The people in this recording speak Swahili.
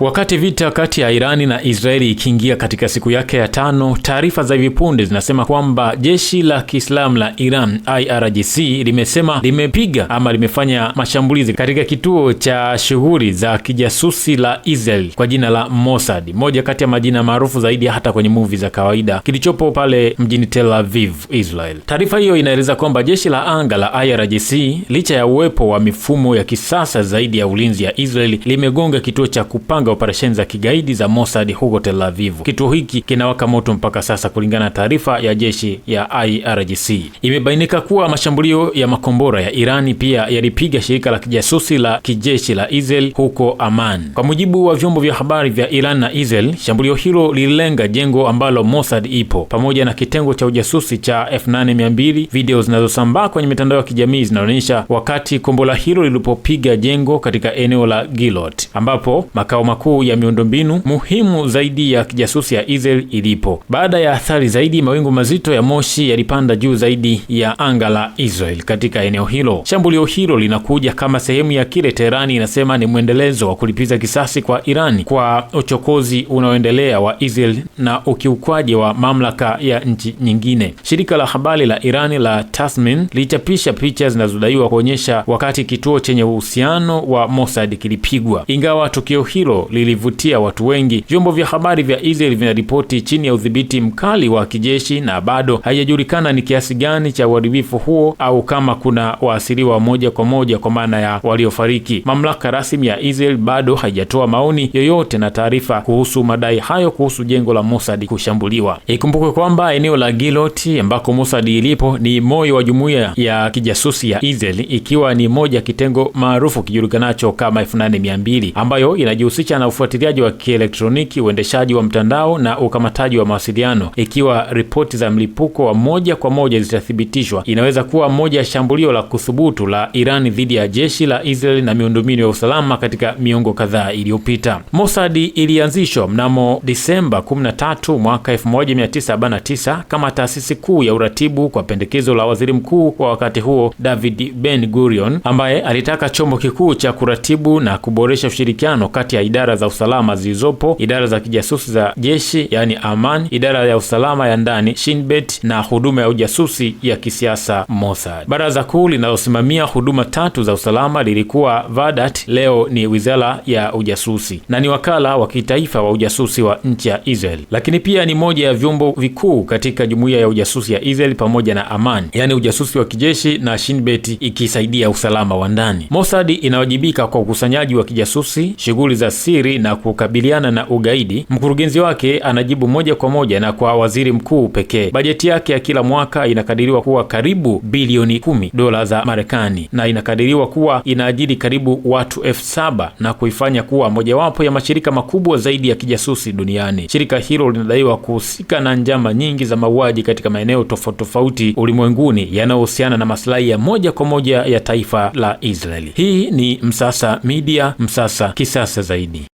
Wakati vita kati ya Irani na Israeli ikiingia katika siku yake ya tano, taarifa za hivi punde zinasema kwamba jeshi la Kiislamu la Iran IRGC limesema limepiga ama limefanya mashambulizi katika kituo cha shughuli za kijasusi la Israel kwa jina la Mossad, moja kati ya majina maarufu zaidi hata kwenye movie za kawaida, kilichopo pale mjini Tel Aviv, Israel. Taarifa hiyo inaeleza kwamba jeshi la anga la IRGC licha ya uwepo wa mifumo ya kisasa zaidi ya ulinzi ya Israeli limegonga kituo cha kupanga kupanga operesheni za kigaidi za Mossad huko Tel Aviv. Kituo hiki kinawaka moto mpaka sasa. Kulingana na taarifa ya jeshi ya IRGC, imebainika kuwa mashambulio ya makombora ya Irani pia yalipiga shirika la kijasusi la kijeshi la Israel huko Aman. Kwa mujibu wa vyombo vya habari vya Iran na Israel, shambulio hilo lililenga jengo ambalo Mossad ipo pamoja na kitengo cha ujasusi cha F8200. Video zinazosambaa kwenye mitandao ya kijamii zinaonyesha wakati kombora hilo lilipopiga jengo katika eneo la Gilot ambapo makao makuu ya miundombinu muhimu zaidi ya kijasusi ya Israel ilipo. Baada ya athari zaidi, mawingu mazito ya moshi yalipanda juu zaidi ya anga la Israel katika eneo hilo. Shambulio hilo linakuja kama sehemu ya kile Teherani inasema ni mwendelezo wa kulipiza kisasi kwa Irani kwa uchokozi unaoendelea wa Israel na ukiukwaji wa mamlaka ya nchi nyingine. Shirika la habari la Irani la Tasmin lilichapisha picha zinazodaiwa kuonyesha wakati kituo chenye uhusiano wa Mossad kilipigwa, ingawa tukio hilo lilivutia watu wengi. Vyombo vya habari vya Israel vinaripoti chini ya udhibiti mkali wa kijeshi, na bado haijajulikana ni kiasi gani cha uharibifu huo au kama kuna waasiriwa moja kwa moja, kwa maana ya waliofariki. Mamlaka rasmi ya Israel bado haijatoa maoni yoyote na taarifa kuhusu madai hayo kuhusu jengo la Mossad kushambuliwa. Ikumbukwe kwamba eneo la Giloti ambako Mossad ilipo ni moyo wa jumuiya ya kijasusi ya Israel, ikiwa ni moja kitengo maarufu kijulikanacho kama 8200 ambayo inajihusisha linajihusisha na ufuatiliaji wa kielektroniki, uendeshaji wa mtandao na ukamataji wa mawasiliano. Ikiwa ripoti za mlipuko wa moja kwa moja zitathibitishwa, inaweza kuwa moja ya shambulio la kuthubutu la Irani dhidi ya jeshi la Israeli na miundombinu ya usalama katika miongo kadhaa iliyopita. Mossad ilianzishwa mnamo Disemba 13 mwaka 1949 kama taasisi kuu ya uratibu kwa pendekezo la waziri mkuu wa wakati huo David Ben Gurion, ambaye alitaka chombo kikuu cha kuratibu na kuboresha ushirikiano kati ya idara idara za usalama zilizopo, idara za kijasusi za jeshi yani Aman, idara ya usalama ya ndani Shinbet na huduma ya ujasusi ya kisiasa Mossad. Baraza kuu linalosimamia huduma tatu za usalama lilikuwa Vadat, leo ni wizara ya ujasusi na ni wakala wa kitaifa wa ujasusi wa nchi ya Israel, lakini pia ni moja ya vyombo vikuu katika jumuiya ya ujasusi ya Israel pamoja na Aman, yaani ujasusi wa kijeshi na Shinbeti ikisaidia usalama wa ndani. Mossad inawajibika kwa ukusanyaji wa kijasusi, shughuli za siri kukithiri na kukabiliana na ugaidi, mkurugenzi wake anajibu moja kwa moja na kwa waziri mkuu pekee. Bajeti yake ya kila mwaka inakadiriwa kuwa karibu bilioni kumi dola za Marekani na inakadiriwa kuwa inaajiri karibu watu elfu saba na kuifanya kuwa mojawapo ya mashirika makubwa zaidi ya kijasusi duniani. Shirika hilo linadaiwa kuhusika na njama nyingi za mauaji katika maeneo tofauti tofauti ulimwenguni yanayohusiana na masilahi ya moja kwa moja ya taifa la Israeli. Hii ni Msasa Media, Msasa kisasa zaidi.